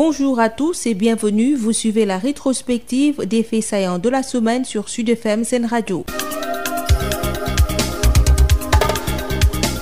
Bonjour à tous et bienvenue. Vous suivez la rétrospective des faits de la semaine sur Sud FM Sen Radio.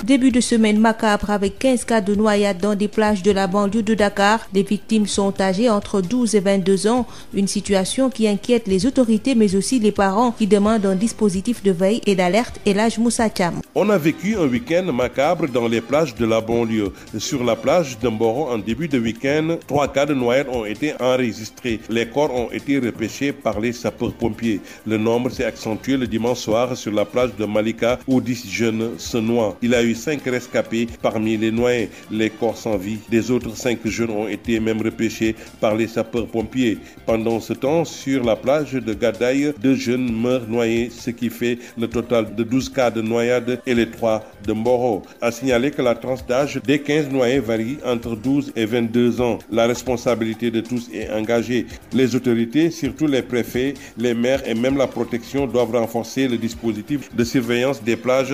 Début de semaine macabre avec 15 cas de noyades dans des plages de la banlieue de Dakar. Les victimes sont âgées entre et ans. Une situation qui inquiète les autorités mais aussi les parents qui demandent un dispositif de veille et d'alerte. El Hadj Moussa On a vécu un week-end macabre dans les plages de la banlieue. Sur la plage de Mboro en début de week-end, trois cas de noyades ont été enregistrés. Les corps ont été repêchés par les sapeurs cinq rescapés parmi les noyés. Les corps sans vie des autres cinq jeunes ont été même repêchés par les sapeurs-pompiers. Pendant ce temps, la plage de Gadaï, deux jeunes meurent noyés, ce qui de 12 cas de noyade et les trois de Mboro. A la tranche d'âge des 15 noyés varie entre 12 et 22 ans. La responsabilité de tous est engagée. Les autorités, surtout les préfets, les maires et même la protection doivent renforcer le dispositif de surveillance des plages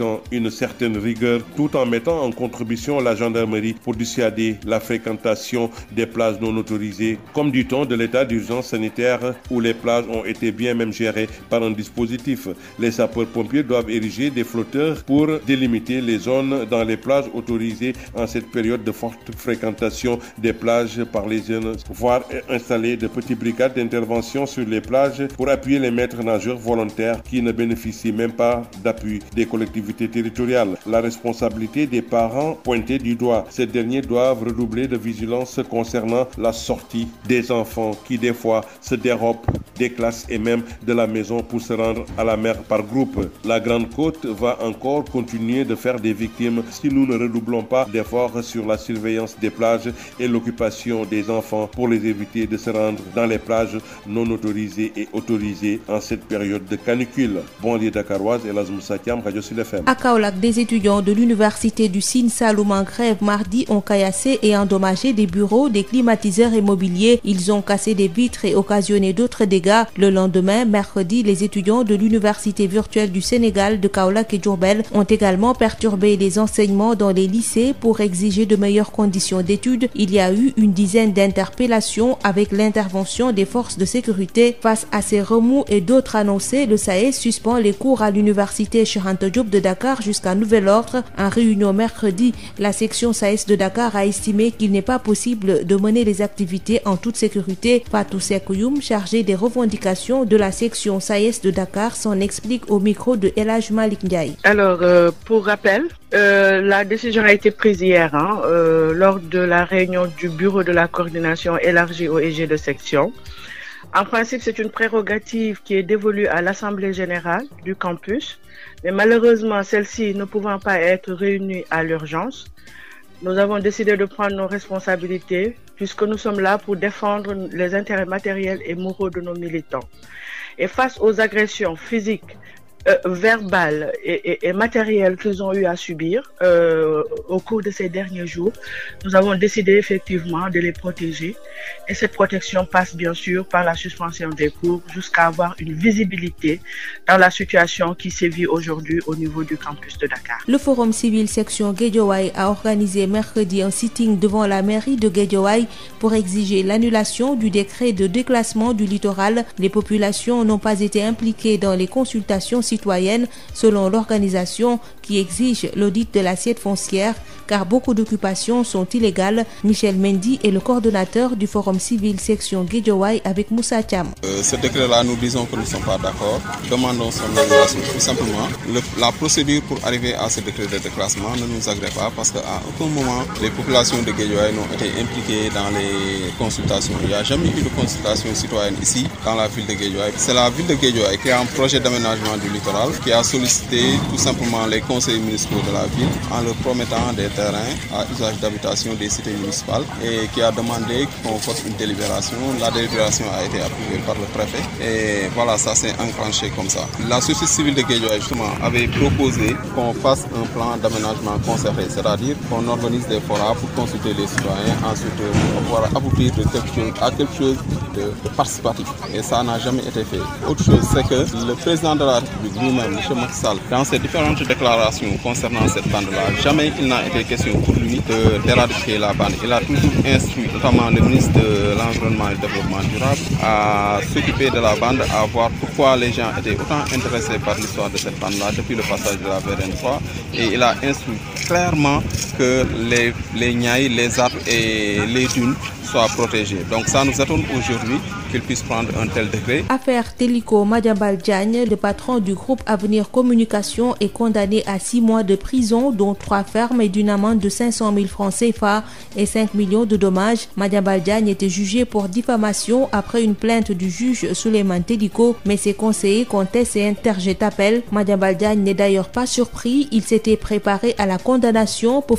appliquant une certaine rigueur tout en mettant en contribution la gendarmerie pour dissuader la fréquentation des plages non autorisées, comme du temps de l'état d'urgence sanitaire où les plages ont été bien même gérées par un dispositif. Les sapeurs-pompiers doivent ériger des flotteurs pour délimiter les zones dans les plages autorisées en cette période de forte fréquentation des plages par les jeunes, voire installer de petites brigades d'intervention les plages pour appuyer les maîtres nageurs volontaires qui ne bénéficient collectivités territoriales. La responsabilité des parents pointée du doigt. Ces derniers doivent redoubler de vigilance concernant la sortie des enfants qui des fois se dérobent des classes et même de la maison pour se rendre à la mer par groupe. La Grande Côte va encore continuer de faire des victimes si nous ne redoublons pas d'efforts sur la surveillance des plages et l'occupation des enfants pour les éviter de se rendre dans les plages non autorisées et autorisées en cette FM. À Kaolack, des étudiants de l'université du Sine-Saloum grève mardi ont caillassé et endommagé des bureaux, des climatiseurs et mobilier. Ils ont cassé des vitres et occasionné d'autres dégâts. Le lendemain, mercredi, les étudiants de l'université virtuelle du Sénégal de Kaolack et Diourbel ont également perturbé les enseignements dans les lycées pour exiger de meilleures conditions d'études. Il y a eu une dizaine d'interpellations avec l'intervention des forces de sécurité. Face à e à Dakar jusqu'à nouvel ordre. En réunion mercredi, la section SAES de Dakar a estimé qu'il n'est pas possible de mener les activités en toute sécurité. Fatou Sekoyoum, chargé des revendications de la section SAES de Dakar, s'en explique au micro de El Hadj Malick Ndiaye. Alors, euh, pour rappel, euh, la décision a été prise hier hein, euh, lors de la réunion du bureau de la coordination élargie au EG de section. En principe, c'est une prérogative qui est dévolue à l'Assemblée générale du Mais malheureusement, celles-ci ne pouvant pas être réunies à l'urgence, nous avons décidé de prendre nos responsabilités puisque nous sommes là pour défendre les intérêts matériels et moraux de nos militants. Et face aux agressions physiques, Euh, verbale et, et, et matérielle ont eu à subir euh, au cours de ces derniers jours, nous avons décidé effectivement de les protéger. Et cette protection passe bien sûr par la suspension des cours jusqu'à avoir une visibilité dans la situation qui sévit aujourd'hui au niveau du campus de Dakar. Le Forum civil section Guédiawaye a organisé mercredi un sitting devant la mairie de Guédiawaye pour exiger l'annulation du décret de déclassement du littoral. Les populations n'ont citoyenne selon l'organisation qui exige l'audit de l'assiette foncière car beaucoup d'occupations sont illégales. Michel Mendy est le coordonnateur du Forum civil section Guédiawaye avec Moussa Thiam. Euh, ce décret-là, nous disons que ne sommes pas d'accord. Demandons son annulation tout simplement. la procédure pour arriver à ce décret de déclassement ne nous agrée pas parce qu'à aucun moment les populations de Guédiawaye n'ont été impliquées dans les consultations. a ici la la ville a un littoral qui a sollicité tout simplement les conseils municipaux de la ville en leur promettant des terrains à usage d'habitation des cités municipales et qui a demandé qu'on fasse une délibération. La délibération a été approuvée par le préfet et voilà, ça s'est enclenché comme ça. La société civile de Guédiois justement avait proposé qu'on fasse un plan d'aménagement concerté, c'est-à-dire qu'on organise des forats pour consulter les citoyens, ensuite euh, pouvoir aboutir la lui-même, M. Maxal, dans ses différentes déclarations concernant cette bande jamais il n'a été question pour lui d'éradiquer la bande. Il a toujours instruit, notamment le ministre de l'Environnement et Développement durable, à s'occuper de la bande, à voir pourquoi les gens étaient autant intéressés par l'histoire de cette bande-là depuis le passage de la VRN3. Et il a instruit clairement que les, les Niaï, les arbres et les dunes soient protégés. Donc ça nous attend aujourd'hui qu'ils puissent prendre un tel décret. Affaire Télico Madiambal Diagne, le patron du groupe Avenir Communication, est condamné à six mois de prison, dont trois fermes et d'une amende de 500 000 francs CFA et millions de dommages. Madiambal Diagne était jugé pour diffamation après une plainte du juge Souleymane Télico, mais ses conseillers contestent et interjettent appel. Madiambal Diagne n'est d'ailleurs pas surpris, il s'était préparé à la condamnation pour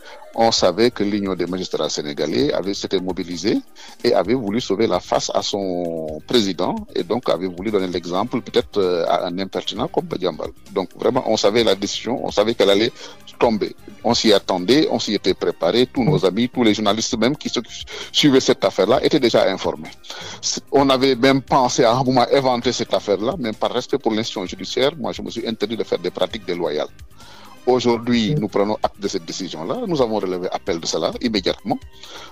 on savait que l'Union des magistrats sénégalais avait s'était mobilisée et avait voulu sauver la face à son président et donc avait voulu donner l'exemple peut-être euh, à un impertinent comme Badiambal. Donc vraiment, on savait la décision, on savait qu'elle allait tomber. On s'y attendait, on s'y était préparé. Tous nos amis, tous les journalistes même qui suivaient cette affaire-là étaient déjà informés. On avait même pensé à un inventer cette affaire mais par Aujourd'hui, mm. nous prenons acte de cette décision-là. Nous avons relevé appel de cela immédiatement.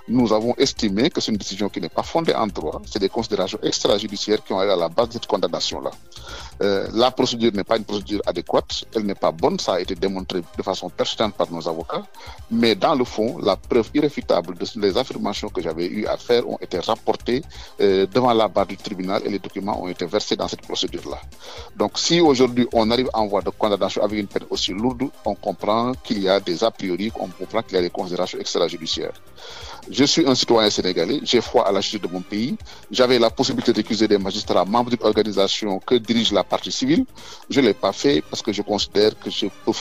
Nous avons estimé que c'est une décision qui n'est pas fondée en droit. C'est des considérations extrajudiciaires qui ont été à la base de cette condamnation-là. Euh, la procédure n'est pas une procédure adéquate. Elle n'est pas bonne. Ça a été démontré de façon pertinente par nos avocats. Mais dans le fond, la preuve irréfutable de affirmations que j'avais on comprend qu'il y a des a on comprend qu'il y a des considérations extrajudiciaires. Je suis un citoyen sénégalais, j'ai foi à la justice de mon pays. J'avais la possibilité d'accuser des magistrats membres d'une organisation que dirige la partie civile. Je ne l'ai pas fait parce que je considère que je peux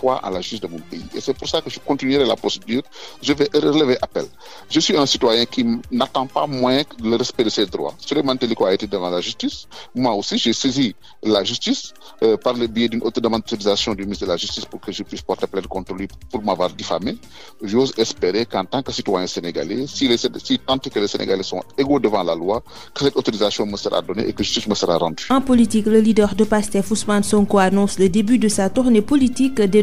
foi la justice de mon pays. Et c'est pour ça que je continuerai la procédure. Je vais relever appel. Je suis un citoyen qui n'attend pas moins le respect de ses droits. Suleiman Teliko a aussi, j'ai saisi la justice euh, par le biais d'une demande du ministre de la Justice pour que je porter plainte contre lui pour m'avoir diffamé. J'ose espérer qu'en tant que citoyen sénégalais, si, les, que les Sénégalais sont égaux devant la loi, que cette autorisation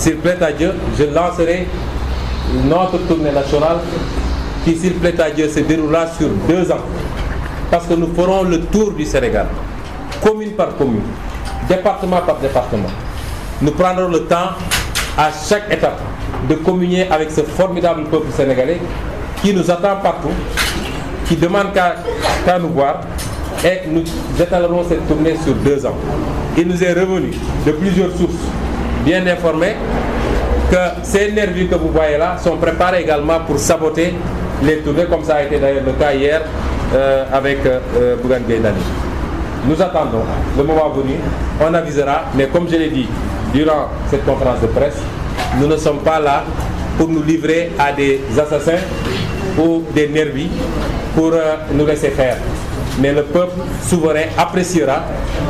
s'il plaît à Dieu, je lancerai notre tournée nationale qui, s'il plaît à Dieu, se déroulera sur deux ans. Parce que nous ferons le tour du Sénégal, commune par commune, département par département. Nous prendrons le temps à chaque étape de communier avec ce formidable peuple sénégalais qui nous attend partout, qui demande qu'à qu nous voir et nous étalerons cette tournée sur deux ans. Il nous est revenu de plusieurs sources bien informés que ces nervis que vous voyez là sont préparés également pour saboter les tournées, comme ça a été d'ailleurs le cas hier euh, avec euh, euh Bougan Gaydani. Nous attendons le moment venu, on avisera, mais comme je l'ai dit durant cette conférence de presse, nous ne sommes pas là pour nous livrer à des assassins ou des nervis pour euh, nous laisser faire. mais le peuple souverain appréciera.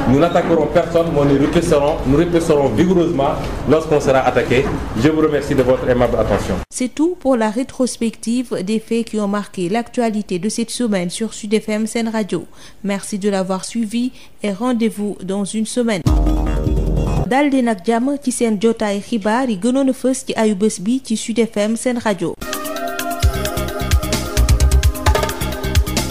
Nous n'attaquerons personne, mais nous répresserons, nous répresserons vigoureusement lorsqu'on sera attaqué. Je vous remercie de votre aimable attention. C'est tout pour la rétrospective des faits qui ont marqué l'actualité de cette semaine sur Sud FM Sen Radio. Merci de l'avoir suivi et rendez-vous dans une semaine. daldi nag jàmm ci seen jotaay xibaar yi gënoon a ci ayu bés bi ci Sud FM Sen Radio.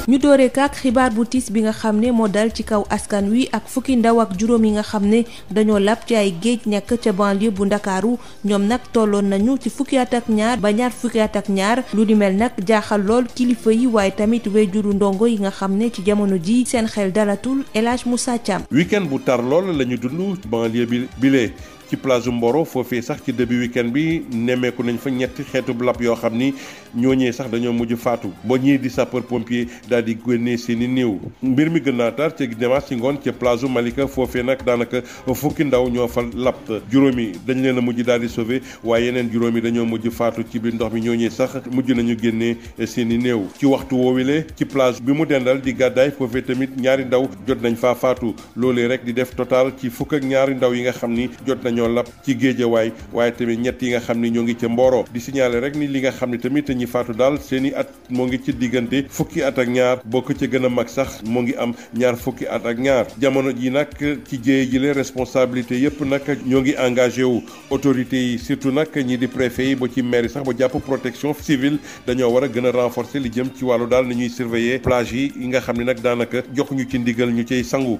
ñu dooree kaak xibaar bu tiis bi nga xam ne moo dal ci kaw askan wi ak fukki ndaw ak juróom yi nga xam ne dañoo lab ci ay géej ñàkk ca banlieue bu ndakaaru ñoom nag tolloon nañu ci fukki ak ñaar ba ñaar fukki ak ñaar lu di mel nag jaaxal lool kilifa yi waaye tamit wéjuru ndongo yi nga xam ne ci jamono ji seen xel dalatul El Hadj Moussa Thiam week-end bu tar lool lañu dund banlieue bi bile ci plage Mboro foofee sax ci début week-end bi nemmeeku nañ fa ñetti xeetu lab yoo xam ni ñooñee sax dañoo mujj faatu ba ñii di sapeur pompier daal di génnee seeni néew mbir mi gën naa tar ci dimanche ci ngoon ca plage Malika foofee nag daanaka fukki ndaw ñoo fa lab juróomi dañ leen a mujj daal di sauver waaye yeneen juróomi dañoo mujj faatu ci biir ndox mi ñooñee sax mujj nañu génnee seeni néew ci waxtu woowile ci plage bi mu dendal di gàddaay foofee tamit ñaari ndaw jot nañ faa faatu loolee rek di def total ci fukk ñaari ndaw yi nga xam ni jot nañ ñoo lab ci géejawaay waaye tamit ñett yi nga xam ni ñoo ngi ca mbooro di signaler rek ni li nga xam ne tamit ñi faatu daal seeni at moo ngi ci diggante fukki at ak ñaar bokk ci gën a mag sax moo ngi am ñaar fukki at ak ñaar jamono ji nag ci jéye ji le responsabilité yëpp nag ñoo ngi engagé wu autorité yi surtout nag ñi di préfet yi ba ci maire sax ba jàpp protection civile dañoo war a gën a renforcer li jëm ci wàllu daal ni ñuy surveiller plage yi yi nga xam ne nag daanaka jox ñu ci ndigal ñu cay sangu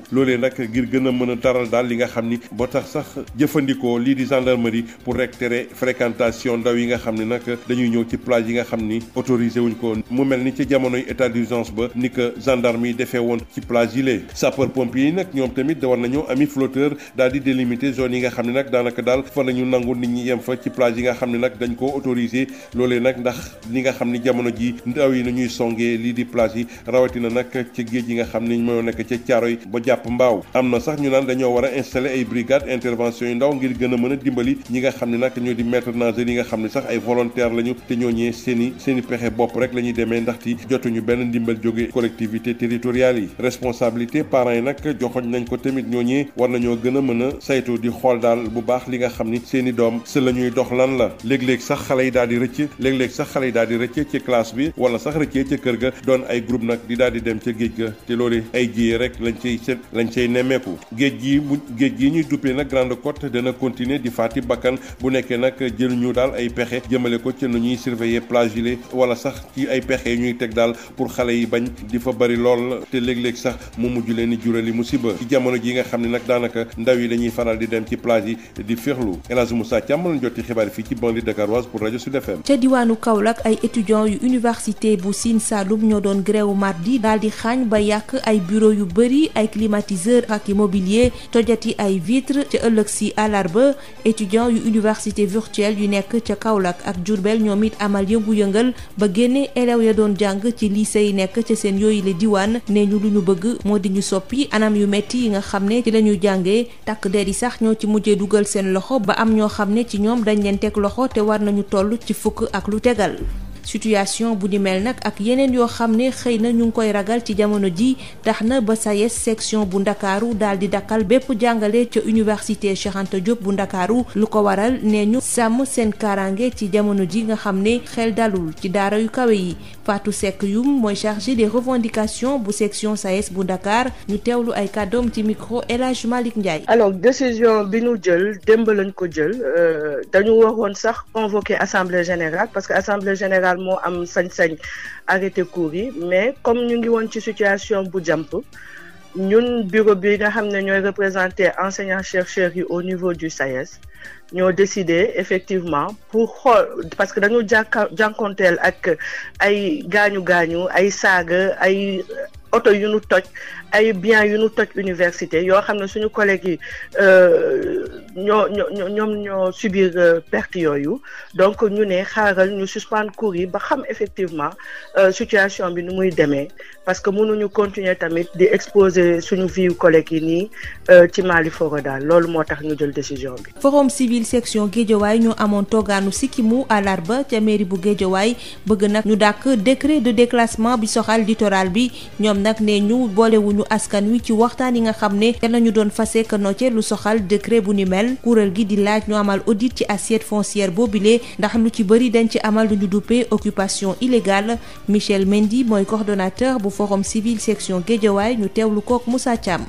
mën a taral daal jëfandikoo lii di gendarmerie pour rek tere fréquentation ndaw yi nga xam ne nag dañuy ñëw ci plage yi nga xam ni autorisé wuñ ko mu mel ni ci jamonoy état d'urgence ba ni que gendarme yi defee woon ci plage yi lee sapeur pompier yi nag ñoom tamit da war nañoo ami flotteur daal di zone yi nga xam ne nag daanaka daal fa la ñu nangu nit ñi yem fa ci plage yi nga xam ne nag dañ koo autorisé loolee nag ndax li nga xam ni jamono ji ndaw yi nañuy songee lii di plage yi rawatina nag ci géej yi nga xam ni moo nekk ca caaro yi ba jàpp mbaaw a ngir gën a mën a dimbali ñi nga xam ne nag ñoo di maître nageur yi nga xam ne sax ay volontaire lañu te ñooñee seen i seen i pexe bopp rek la ñuy demee ndaxte jotuñu benn ndimbal jóge collectivité territoriales yi responsabilité parents yi nag joxoñ nañ ko tamit ñooñee war nañoo gën a mën a saytu di xool daal bu baax li nga xam ni seen i doom si la ñuy dox lan la léeg-léeg sax xale yi daal di rëcc léeg-léeg sax xale yi daal di rëcc ci classe bi wala sax rëccee ca kër ga doon ay groupe nag di daal di dem ca géej ga te loolu ay jiyee rek lañ cay set lañ cay nemmeeku gi gi ñuy duppee a continuer bu nekkee nag jëluñu daal ci yi wala sax ci ay mu mujj leen di jurali musiba ci jamono ji nga xam ne nag daanaka ndaw yi dañuy faral di dem ci plage yi di féexlu El Hadj Moussa Thiam lañ jotti xibaar fii ci banlieue dakaroise pour rajo Sud FM. ca diwaanu Kaolack ay étudiants yu université bu Sine Saloum ñoo doon grève mardi daal di xaañ ba yàq ay bureau yu bëri ay climatiseur ak immobilier tojati ay vitre ca ëllëg si àllarba étudiants yu université virtuelle yu nekk ca Kaolack ak jurbeel ñoom it amal yëngu-yëngal ba génne élèves ya doon jàng ci lycée yi nekk ca seen yooyu la diwaan nee ñu lu ñu bëgg moo di ñu soppi anam yu metti yi nga xam ne ci la ñuy jàngee takk der yi sax ñoo ci mujjee dugal seen loxo ba am ñoo xam ne ci ñoom dañ leen teg loxo te war nañu toll ci fukk ak lu tegal. situation bu ni mel nag ak yeneen yoo xam ne xëy na ñu ngi koy ragal ci jamono ji tax na ba SAES section bu ndakaaru daal di dakkal bépp jàngale ca université Cheikh Anta bu ndakaaru lu ko waral nee ñu sàmm seen kaaraange ci jamono ji nga xam ne xel dalul ci daara yu kawe yi Fatou Seck Youm mooy chargé des revendications bu section SAES bu ndakaar ñu teewlu ay kàddoom ci micro El Hadj Malick Ndiaye. alors décision bi ñu jël démb lañ ko jël euh, dañu waxoon sax convoquer assemblée générale parce que assemblée générale moo am sañ-sañ arrêté cours yi mais comme ñu ngi woon ci situation bu jàmp ñun bureau bi nga xam ne ñooy représenté enseignants chercheurs yi au niveau du SAES ñoo décidé effectivement pour xool parce que dañu jànka jànkonteel ak ay gaañu gaañu ay saaga ay oto yunu nu toj ay biens yu nu toj université yoo xam ne suñu collègues yi euh, ñoo ñoo ñoom ñoo subir euh, perte yooyu donc ñu ne xaaral ñu suspendre cours ba xam effectivement euh, situation bi nu muy demee parce que mënuñu continuer tamit di exposer suñu vie collègues yi nii ci Mali Foro daal loolu moo tax ñu jël décision bi. forum civil section Guédiawaye ñu amoon toogaanu sikkimu àllarba ca mairie bu Guédiawaye bëgg nag ñu dàq décret de déclassement bi soxal littoral bi ñoom nag ne ñu génnu askan wi ci waxtaan yi nga xam ne te nañu doon fase ka noce lu soxal décret bu ni mel kuréel gi di laaj ñu amal audit ci assiette foncière boobile ndax lu ci bëri dañ ci amal lu ñu duppee occupation illégale Michel Mendy mooy coordonnateur bu forum civil section Guédiawaye ñu teewlu kook Moussa Thiam.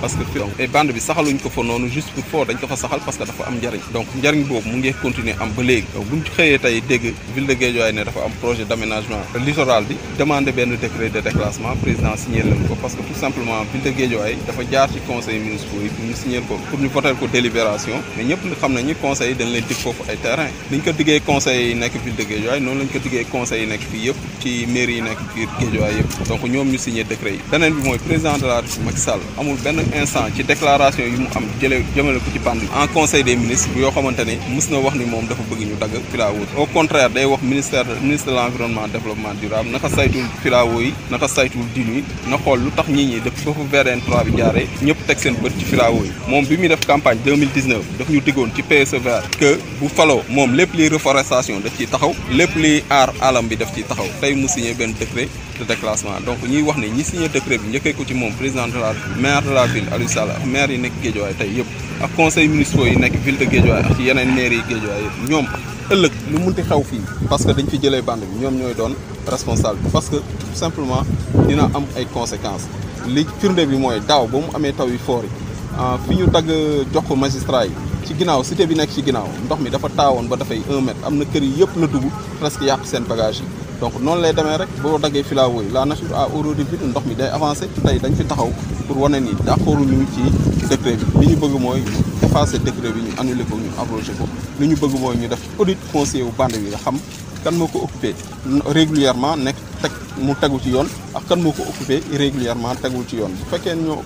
parce que fi et bande bi saxaluñ ko fa noonu juste pour foo dañ ko fa saxal parce que dafa am njariñ donc njariñ boobu mu ngi continuer am ba léegi donc buñ xëyee tey dégg ville de Guédiawaye ne dafa am projet d'aménagement littoral bi demandé benn décret de déclassement président signé leen ko parce que tout simplement ville de Guédiawaye dafa jaar ci conseil municipal yi pour ñu ko pour ñu voter ko délibération mais ñëpp xam nañu conseil dañ leen ci mairie yi nekk biir Guédiawaye yëpp donc ñoom ñu signé décret yi beneen bi mooy président de la République Macky Sall amul benn instant ci déclaration yu mu am jëlee jëmale ko ci pandémie en conseil des ministres yoo xamante ne mës na wax ni moom dafa bëgg ñu dagg filao au contraire day wax ministre de l'environnement développement durable naka saytul filao yi naka saytul din yi na xool lu tax ñii ñi def foofu VDN 3 bi jaaree ñëpp teg seen bët ci filao yi moom muy def campagne 2019 daf ñu diggoon ci PSE moom lépp liy reforestation daf ciy taxaw lépp liy aar alam bi daf ciy taxaw mu signé benn décret de déclassement donc ñuy wax ne ñi signé décret bi njëkkee ko ci moom président de la maire de la ville Aliou Sall ak maire yi nekk Guédiawaye tey yëpp ak conseil municipaux yi nekk ville de Guédiawaye ak ci yeneen maire yi Guédiawaye yëpp ñoom ëllëg lu munti xew fii parce que dañ fi jëlee bande bi ñoom ñooy doon responsable parce que tout simplement dina am ay conséquence li firnde bi mooy daaw ba mu amee taw yu foor yi ah, fi ñu dagg jox ko magistrat yi ci ginnaaw cité bi nekk ci ginnaaw ndox mi dafa taawoon ba dafay 1 mètre am na yëpp la dugg presque yàq seen bagage yi donc noonu lay demee rek boo daggee filao yi la nature a horreur du vide ndox mi day avancé tey dañ fi taxaw pour wane ni d'accord ñu ci décret bi li ñu bëgg mooy effacer décret bi ñu annulé ko ñu abrogé ko li ñu bëgg mooy ñu def audit foncier wu bande bi nga xam kan moo ko occupé régulièrement nekk teg mu tegu ci yoon ak kan moo ko occupé irrégulièrement tegu ci yoon bu fekkee ñoo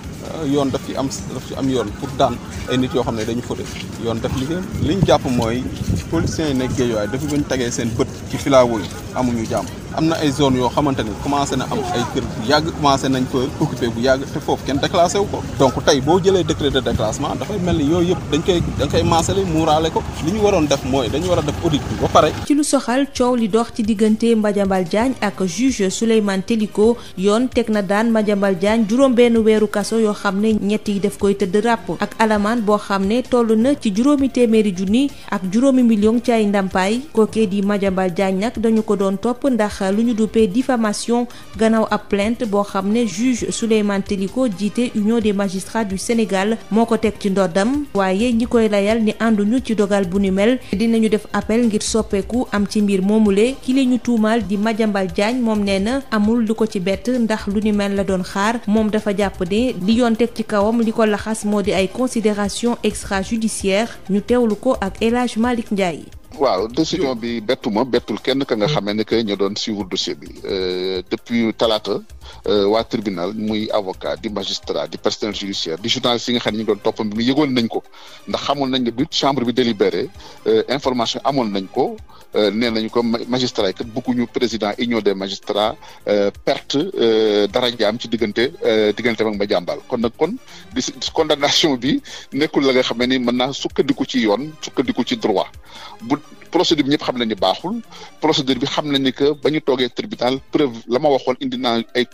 yoon daf ci am daf ci am yoon pour daan ay nit yoo xam ne dañu fote yoon daf liggéeyam li ñu jàpp mooy politiciens yi nekk Guédiawaye dafa buñ tegee seen bët ci filaawul amuñu jàmm am na ay zone yoo xamante ni commencé na am ay kër bu yàgg commencé nañ fa occupé bu foofu kenn déclassé wu ko donc tey boo jëlee décret de déclassement mel ni yooyu yëpp dañ koy dañ koy maasale ko li ñu waroon def mooy dañu war a def audit bi ba pare ci lu soxal coow li dox ci diggante Madiambal Diagne ak juge Souleymane Teliko yoon teg na daan Madiambal Diagne juróom benn weeru kaso yoo xam ne ñett yi daf koy tëdd ràpp ak alamaan boo xam ne toll na ci juróomi téeméeri junni ak juróomi million ci ay ndàmpaay kookee di Madiambal Diagne nag dañu ko doon topp ndax lu ñu duppee diffamation gannaaw ab plainte boo xam ne juge Souleymane Teliko jiite union des magistrats du Sénégal moo ko teg ci ndoddam waaye ñi koy layal ni ànduñu ci dogal bu ni mel dinañu def appel ngir soppeeku am ci mbir moomule ki li ñu tuumaal di Madiambal jaañ moom nee na amul lu ko ci bett ndax lu ni mel la doon xaar moom dafa jàpp ne li yoon teg ci kawam li ko laxas moo di ay considération extrajudiciaire ñu teewlu ko ak El Hadj Malick waaw décision bi bettuma bettul kenn ka nga hmm. xamee ne que ñu doon suivre dossier bi euh, depuis talaata euh, waa tribunal muy avocat di magistrat di personnel judiciaire di journaliste yi nga xam ne ñu doon toppam bi yëgoon nañ ko ndax xamoon nañ ne bi chambre bi délibéré euh, information amoon nañ ko nee nañ ko magistrat yi kat bëgguñu président union des magistrats perte dara jaam ci diggante diggante ak ma jàmbal kon nag kon condamnation bi nekkul la nga xamee ni mën naa sukkandiku ci yoon sukkandiku ci droit procédure bi ñëpp xam nañ ne baaxul procédure bi xam nañ ne que ba ñu toogee tribunal preuve la ma waxoon indi na ay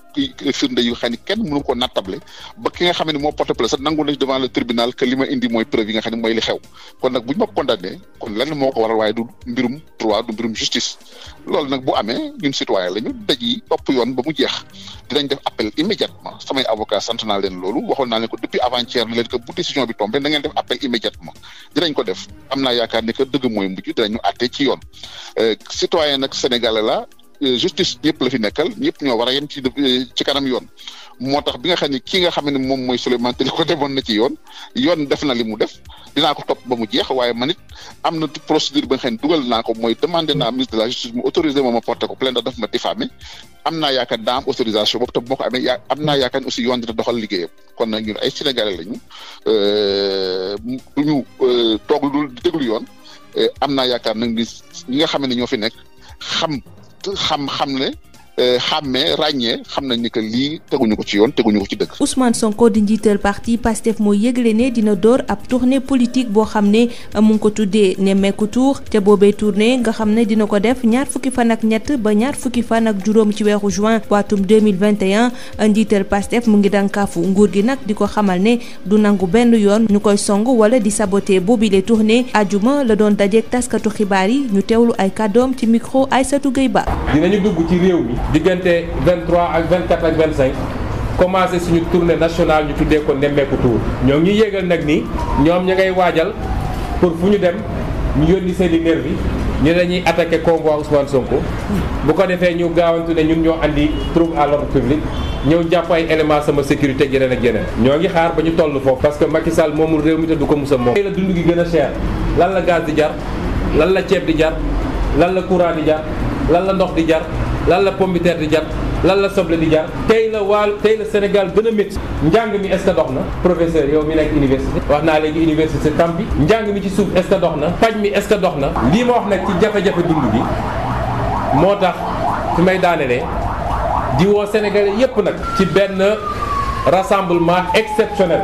firnde yu xam ne kenn mënu ko natable ba ki nga xam ne moo porte plainte sax nangu nañ devant le tribunal que li ma indi mooy preuve yi nga xam ne mooy li xew kon nag bu ñu ma condamné kon lan moo ko waral waaye du mbirum droit du mbirum justice loolu nag bu amee ñun citoyen lañu daj yi topp yoon ba mu jeex dinañ def appel immédiatement samay avocat sant naa leen loolu waxoon naa leen ko depuis avant-hier ni leen que bu décision bi tombé da ngeen def appel immédiatement dinañ ko def am naa yaakaar ni que dëgg mooy mujj dinañu àtte ci yoon euh, citoyen nag sénégalais la Euh, justice ñëpp la fi nekkal ñëpp ñoo war a yem ci euh, ci kanam yoon moo tax bi nga xam ne kii nga xam ne moom mooy Souleymane Téliko ko demoon na ci yoon yoon def na li mu def dinaa ko topp ba mu jeex waaye man it am na procédure bi nga xam ne dugal naa ko mooy demandé naa de la justice mu autorisé moom ma porté ko plainte daf ma diffamé am naa yaakaar daa am autorisation boobu te boo ko amee yaa naa yaakaar aussi yoon dina doxal liggéeyam kon nag ñun ay Sénégalais a euh, du ñu toog lu déglu yoon am naa yaakaar nag ni ñi nga xam ne ñoo fi nekk xam. xam-xam ne Euh, xàmmee ràññee xam na ni que lii teguñu ko ci yoon teguñu ko ci dëgg. Ousmane Sonko di njiital parti Pastef moo yëgle ne dina door ab tournée politique boo xam ne euh, mu ko tuddee nemmeeku tour te boobee tourne nga xam ne dina ko def ñaar fukki fan ak ñett ba ñaar fukki fan ak juróom ci weeru juin waatum 2021 euh, njiital Pastef mu ngi dànkaafu nguur gi nag di ko xamal ne du nangu benn yoon ñu koy song wala di saboter boobile tournée ajuma la doon dajeek taskatu xibaar yi ñu teewlu ay kàddoom ci micro Aïssatou Gueye Ba. diggante 23 ak 24 ak 25 commencé suñu tournée nationale ñu tuddee ko Nemmeeku Tour ñoo ñuy yéegal nag ni ñoom ña ngay waajal pour fu ñu dem ñu yónni seen i nervi ñu dañuy attaqué convoi Ousmane Sonko bu ko defee ñu gaawantu ne ñun ñoo andi trouble à l'ordre public ñëw jàpp ay élément sama sécurité ak yeneen ak yeneen ñoo ngi xaar ba ñu toll foofu parce que Macky Sall moomul réew mi te du ko musa moom la dund gi gën a cher lan la gaz di jar lan la ceeb di jar lan la courant di jar lan la ndox di jar lan la pomme di jar lan la soble di jar tey la waal tey la Sénégal gën a métti njàng mi est dox na professeur yow mi nekk université wax naa léegi université tam bi njàng mi ci suuf est ce dox na paj mi est ce dox na lii ma wax nag ci jafe-jafe dund bi moo tax fi may daanelee di woo sénégalais yépp nag ci benn rassemblement exceptionnel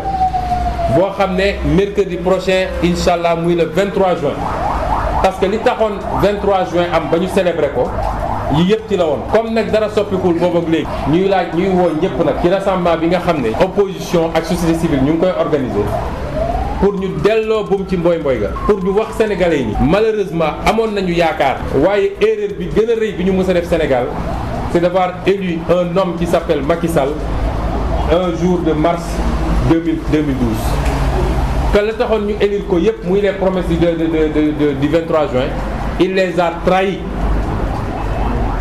boo xam ne mercredi prochain incha allah muy le 23 juin parce que li taxoon 23 juin am ba ñu célébrer ko yi yëpp ci la woon comme nag dara soppikul boobu ak léegi ñuy laaj ñuy woo ñëpp nag ci rassemblement bi nga xam ne opposition ak société civile ñu ngi koy organiser pour ñu delloo buum ci mboy mboy ga pour ñu wax sénégalais yi malheureusement amoon nañu yaakaar waaye erreur bi gën a rëy bi ñu mës a def Sénégal c'est d'avoir élu un homme qui s'appelle Macky Sall un jour de mars 2000 2012 te la taxoon ñu élire ko yëpp muy les promesses du de de du 23 juin il les a trahis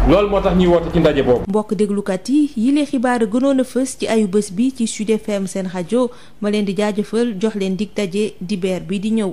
loolu moo tax ñuy woote ci ndaje boobu. mbokk déglukat yi yile xibaar a gënoon a fës ci ayu bés bi ci Sud FM seen rajo ma leen di jaajëfal jox leen dig daje dibeer bi di ñëw.